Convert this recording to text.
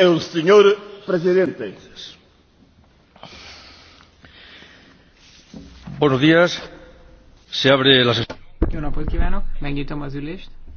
el señor presidente. Buenos días. Se abre la sesión. Jó napot kívánok! Megnyitom az ülést.